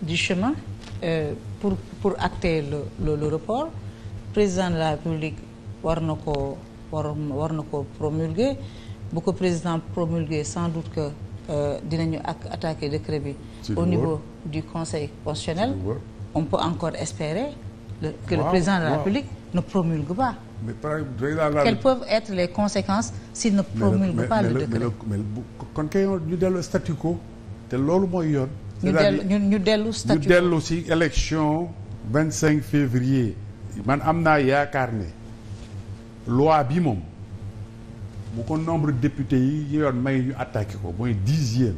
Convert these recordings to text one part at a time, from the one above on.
du chemin euh, pour pour acter le, le, report président de la République war na ko war war na ko promulguer bu ko président promulguer sans doute que euh, dinañu ak attaquer décret bi au niveau du conseil constitutionnel on peut encore espérer le, que wow, le président de la wow. République ne promulgue pas quelles peuvent être les conséquences s'il ne promulgue pas le décret mais kon kay ñu dellu statu quo te loolu mooy yoon ñu dellu ñu dellu statut ñu si élection vingt cinq février man am naa yaakaar ne loi bi moom bu kon nombre député yi ñu yoon may ñu attaqué ko mooy dixième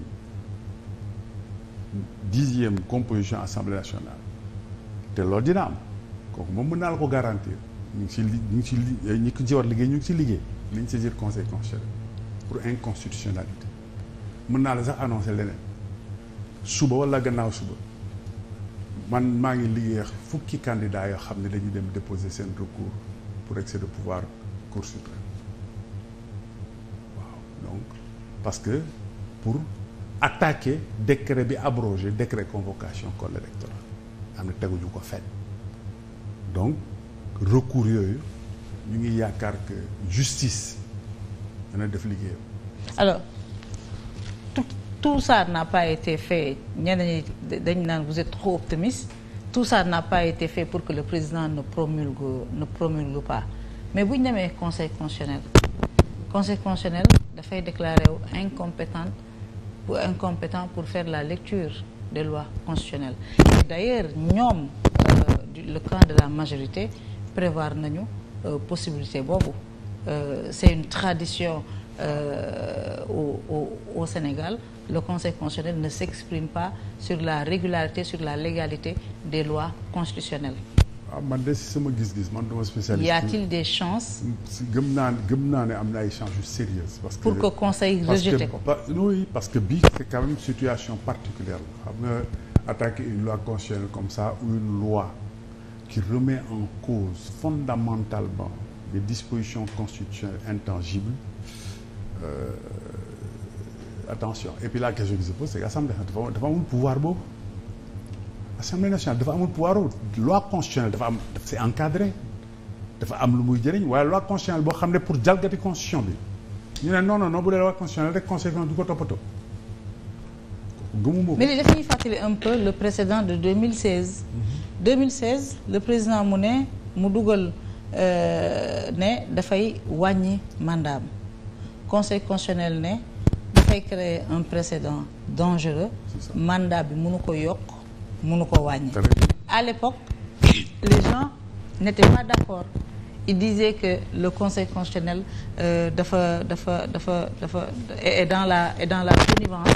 dixième composition assemblée nationale te loolu dina am kooku moom mën naa la ko garantir ñu ngi si li ñu ngi si li eh, ñi ko si war liggéey ñu ngi si liggéey li ñu saisir conseil constitutionnel pour inconstitutionnalité mën naa la sax annoncé leneen suba wala gannaaw suba man maa ngi liggéey fukki candidat yoo xam ne dañu dem déposer seen recours pour excès de pouvoir cour suprême waaw donc parce que pour attaquer décret bi abrogé décret convocation corps électoral am na teguñu ko fenn donc recours yooyu ñu ngi yaakaar que justice dana def liggéeyam alors tout ça n'a pas été fait ñenn ñi dañ naan vous êtes trop optimiste tout ça n'a pas été fait pour que le président ne promulgue ne promulgue pas mais bu ñu demee conseil constitutionnel conseil constitutionnel dafay déclarer wu incompétent pour incompétent pour faire la lecture des lois constitutionnelles d'ailleurs ñoom euh, le camp de la majorité prévoir nañu euh, possibilité boobu euh, c'est une tradition euh, au, Sénégal le Conseil constitutionnel ne s'exprime pas sur la régularité sur la légalité des lois constitutionnelles. ah man de si sama gis-gis man duma spécialiste. y a-t-il des chances. gëm naa gëm naa ne am na ay chances yu sérieuses. parce que pour que conseil rejeté ko. oui parce que bii c'est quand même situation particulière la xam nga attaquer une loi constitutionnelle comme ça ou une loi qui remet en cause fondamentalement. des disposition constitutionnelles intangibles. Euh, attention et puis la question qui se pose sa que assemblée dafa dafa amul pouvoir boobu assemblée nationale dafa amul pouvoir boobu loi constitutionnelle dafa am c'est encadré dafa am lu muy jëriñ waaye loi constitutionnelle boo xam ne pour jalgati constitution bi ñu ne non non non bu dee loi constitutionnelle rek conséquence du ko toppatoo gëmuma ko. mais li dañuy fàttali un peu le précédent de 2016. 2016 mm-hmm. le président mu ne mu dugal. Euh, ne dafay wàññi mandaam conseil constitutionnel ne dafay créer un précédent dangereux mandat bi mënu ko yokk mënu ko wàññi à l'époque les gens n'étaient pas d'accord il disait que le conseil constitutionnel euh, dafa dafa dafa dafa est dans la et dans la connivence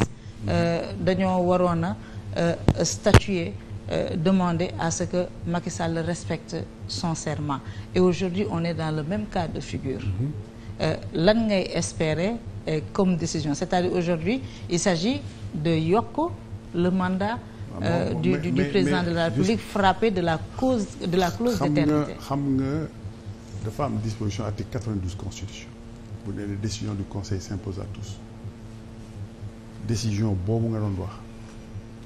euh, dañoo waroon a euh, statuer euh, demander à ce que Macky Sall respecte son serment et aujourd'hui on est dans le même cas de figure mm-hmm. euh, lan ngay espérer euh, comme décision c'est-à-dire aujourd'hui il s'agit de yokk le mandat ah euh, ah du, président de la République juste... frappé de la cause de la clause d'éternité xam nga dafa am disposition article 92 constitution bu ne les décisions du conseil s'imposent à tous décision boobu nga doon wax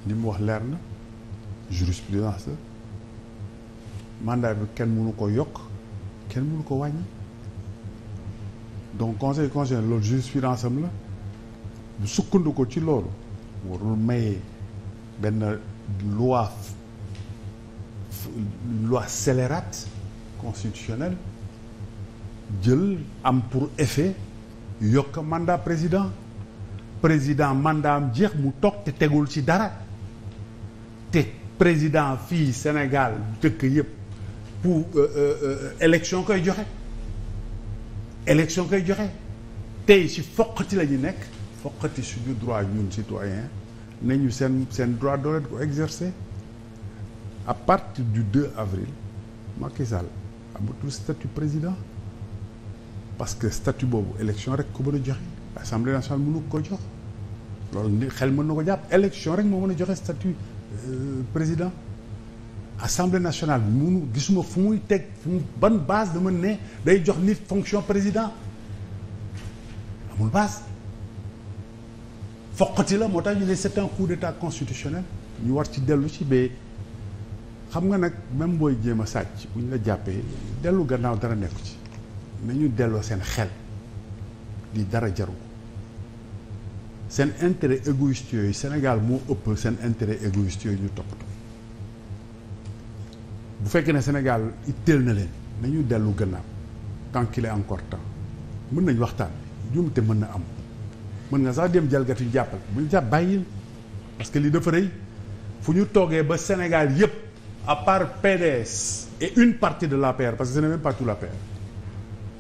li mu wax leer na jurisprudence la mandat bi kenn mënu ko yokk kenn mënu ko wàññi donc conseil constitutionnel loolu jurisprudence am la bu sukkandu ko ci loolu warul maye benn loi loi scélérate constitutionnelle jël am pour effet yokk mandat président président mandat am jeex mu toog te tegul ci dara te président fii Sénégal jëkk yëpp pour euh, euh, euh, élection koy joxe élection koy joxe tey si foqati la ñu nekk foqati suñu droit ñun citoyen nañu seen seen droit dooleen ko exercer à partir du 2 avril Macky Sall amatul statut président parce que statut boobu élection rek ko mën a joxe assemblée nationale mënu ko jox loolu xel mën na ko jàpp élection rek moo mën a joxe statut Euh, président assemblée nationale munu gisuma fu muy teg fu mu ban base dama ne day jox nit fonction président amul base foqati la moo tax ñu ne c'est un coup d'état constitutionnel ñu war ci dellu ci ba xam nga nag même booy jéem a sàcc bu ñu la jàppee dellu gannaaw dara nekku ci nañu delloo seen xel di dara jaru seen intérêt égoïste yooyu Sénégal moo ëpp seen intérêt égoïste yooyu ñu toppatoo bu fekkee ne Sénégal itteel na leen nañu dellu gannaaw tant qu'il est encore temps mën nañ waxtaan juumte mën na am mën nga sax dem jalgati ñu jàppale bu ñu jàpp bàyyil parce que li dafa rëy fu ñu toogee ba Sénégal yépp à part PDS et une partie de la l'APR parce que ce n'est même pas tout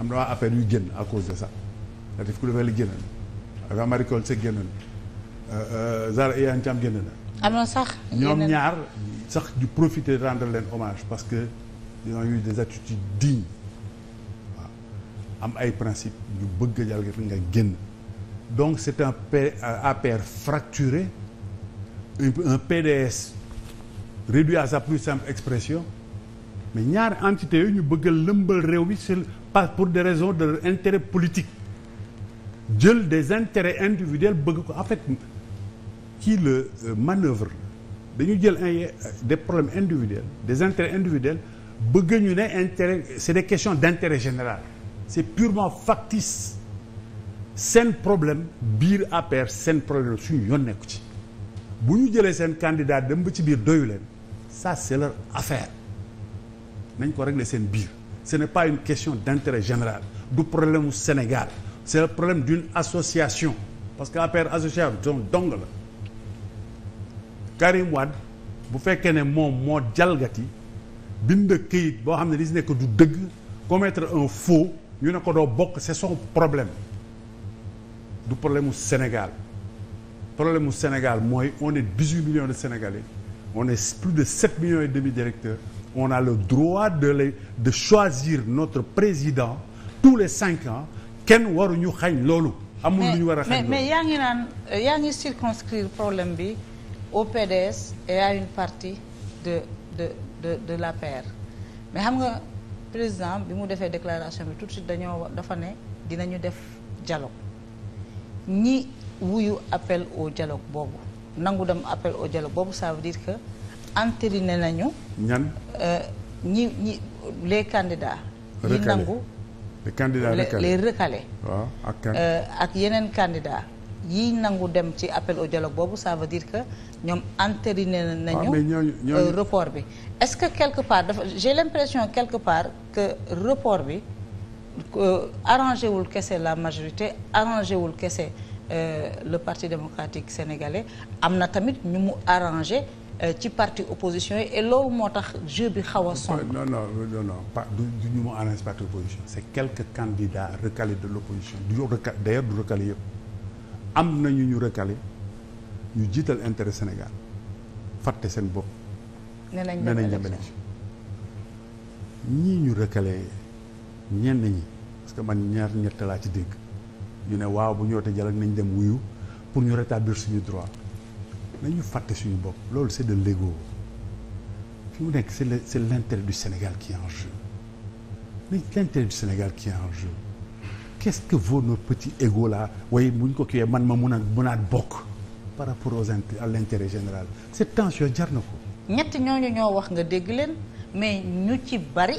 am na waa affaire yu génn à cause de ça c'est-à-dire ku defee li avant Marie Coll Seck génn na euh, euh, Zahra Iyane Thiam génn na. am na sax. ñoom ñaar sax ñu leen hommage parce que ils ont eu des attitudes dignes am ay principes ñu bëgg a nga génn donc c'est un P APR fracturé un PDS réduit à sa plus simple expression mais ñaari entités yooyu ñu bëgg a lëmbal réew mi c'est par pour des raisons de intérêt politique. jël des intérêts individuels bëgg ko en fait kii le euh, manœuvre dañu jël des problèmes individuels des intérêts individuels bëgg ñu ne intérêt c'est des questions d'intérêt général c'est purement factice seen problèmes biir APR seen problème suñu yoon nekku ci bu ñu jëlee seen candidat dem ba ci biir doyu leen ça c'est leur affaire nañ ko régler seen biir ce n'est pas une question d'intérêt général du problème mu Sénégal c'est le problème d'une association parce que APR association dong la Karim Wade bu fekkee ne moom moo jalgati bind këyit boo xam ne li si nekk du dëgg commettre un faux ñu ne ko doo bokk c'est son problème du problème mu Sénégal problème mu Sénégal mooy on est 18 millions de Sénégalais on est plus de 7 millions et demi d'électeurs on a le droit de les de choisir notre président tous les cinq ans kenn waruñu xañ loolu. amul lu ñu xañ loolu mais yaa ngi naan yaa ngi circonscrire problème bi au PDS et à une partie de de de de l'APR mais xam nga président bi mu defee déclaration bi tout suite dañoo dafa ne dinañu def dialogue ñi wuyu appel au dialogue boobu nangu dem appel au dialogue boobu ça dire que entériné nañu. ñan euh, ñi ñi les candidats. yi nangu. les candidats recalés les recalés. ak euh, ak yeneen candidats. yi nangu dem ci appel au dialogue boobu ça veut dire que ñoom entériné nañu euh, report bi est-ce que quelque part dafa j'ai l'impression quelque part que report bi euh, arrangé wul kese la majorité arrangé wul kese le parti démocratique sénégalais am na tamit ñu mu arrangé Euh, ci parti opposition yi et loolu moo tax jeu bi xaw a sombre. non non non non ñu mu arrange parti opposition. c' est quelques candidats de l' opposition du recal d' ailleurs du recalé am nañu ñu recalé ñu jiital intérêt Sénégal fàtte seen bopp. nee nañ dem ñii ñu recalé ñenn ñi parce que man ñaar ñett laa ci dégg ñu ne waaw bu ñu wootee dialogue nañ dem wuyu pour ñu rétablir suñu droit. nañu fàtte suñu bokk loolu c'est de l'ego fi mu nekk c'est le c'est l'intérêt du Sénégal qui est en jeu du Sénégal qui est en jeu qu'est-ce que vaut nos petits égos là waaye bu ko kiiwee man ma mun a munaat bokk par rapport aux à l'intérêt général cette tension jar na ko ñetti ñooñu ñoo wax nga dégg leen mais ñu ci bari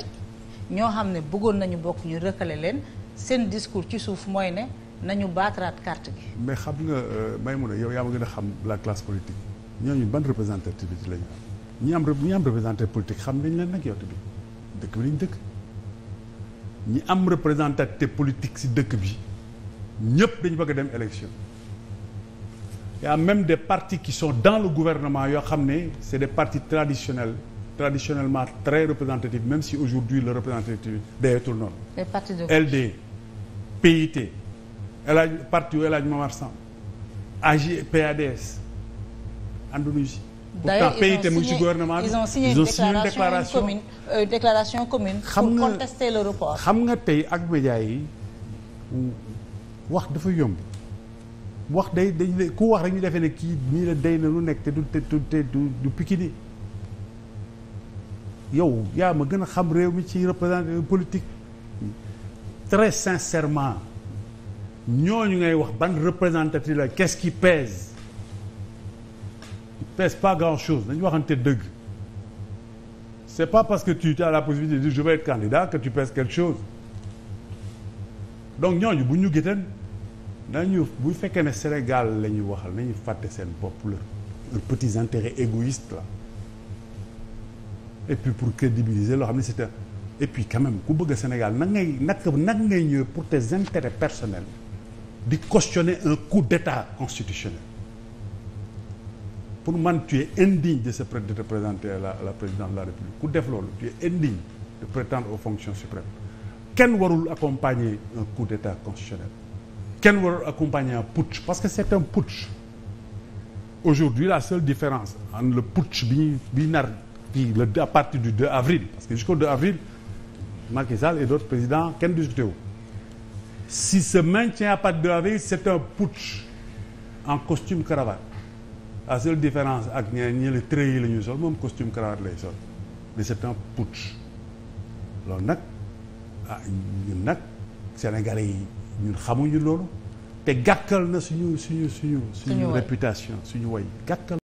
ñoo xam ne bëggoon nañu bokk ñu rëkkale leen seen discours ci suuf mooy ne nañu baataraat carte gi. mais xam nga may euh, Maïmouna yow yaa ma gën a xam la classe politique ñooñu ban représentativité lañu am ñi am ñi am représenté politique xam nañ leen nag yow tamit dëkk bi lañ dëkk ñi am représentativité politique si dëkk bi ñëpp dañu bëgg a dem élection. y a des partis qui sont dans le gouvernement yoo xam ne c' est des partis traditionnels traditionnellement très représentatifs même si aujourd'hui le représentatif dayetul noonu. les partis de LD PIT. El Hadj parti wu El Hadj Momar Samb AJ PADS ànduñu si. pourtant PIT mu ngi si gouvernement bi ils ont signé euh, une déclaration commune euh, déclaration commune. pour contester le report xam nga tey ak média yi wax dafa yomb wax day dañ ne ku wax rek ñu defee ne kii nii la day na lu nekk te du te du du pikini yow yaa ma gën a xam réew mi ci représenté politique très sincèrement. ñooñu ngay wax ban représentatif la qu'est-ce qui pèse il pèse pas grand-chose dañu waxante dëgg c'est pas parce que tu as la possibilité de dire je vais être candidat que tu pèses quelque chose donc ñooñu bu ñu gëtan nañu bu fekkee ne Sénégal la ñuy waxal nañu fàtte seen bopp la leurs petits intérêts égoïstes et puis pour crédibiliser loo xam ne c'est et puis quand ku bëgg Sénégal nag ngay nag nag ngay ñëw pour tes intérêts personnels di cautionner un coup d'état constitutionnel pour man tu es indigne de se de présenter à la à la présidence de la république ku def loolu tu es indigne de prétendre aux fonctions suprêmes kenn warul accompagner un coup d'état constitutionnel kenn warul accompagner un putsch parce que c'est un putsch aujourd'hui la seule différence en le putsch bi ñuy bi nar fii le à partir du 2 avril parce que jusqu'au 2 avril Macky Sall et d'autres président kenn discuté wu si se maintient à Patte de la Ville c'est un putsch en costume cravate la seule différence ak ñeneen ñi le yi la ñuy sol moom costume cravate lay sol mais c'est un putsch loolu nag ah ñun nag sénégalais yi ñun xamuñu loolu te gàkkal na suñu suñu suñu. suñu réputation suñu way gàkkal.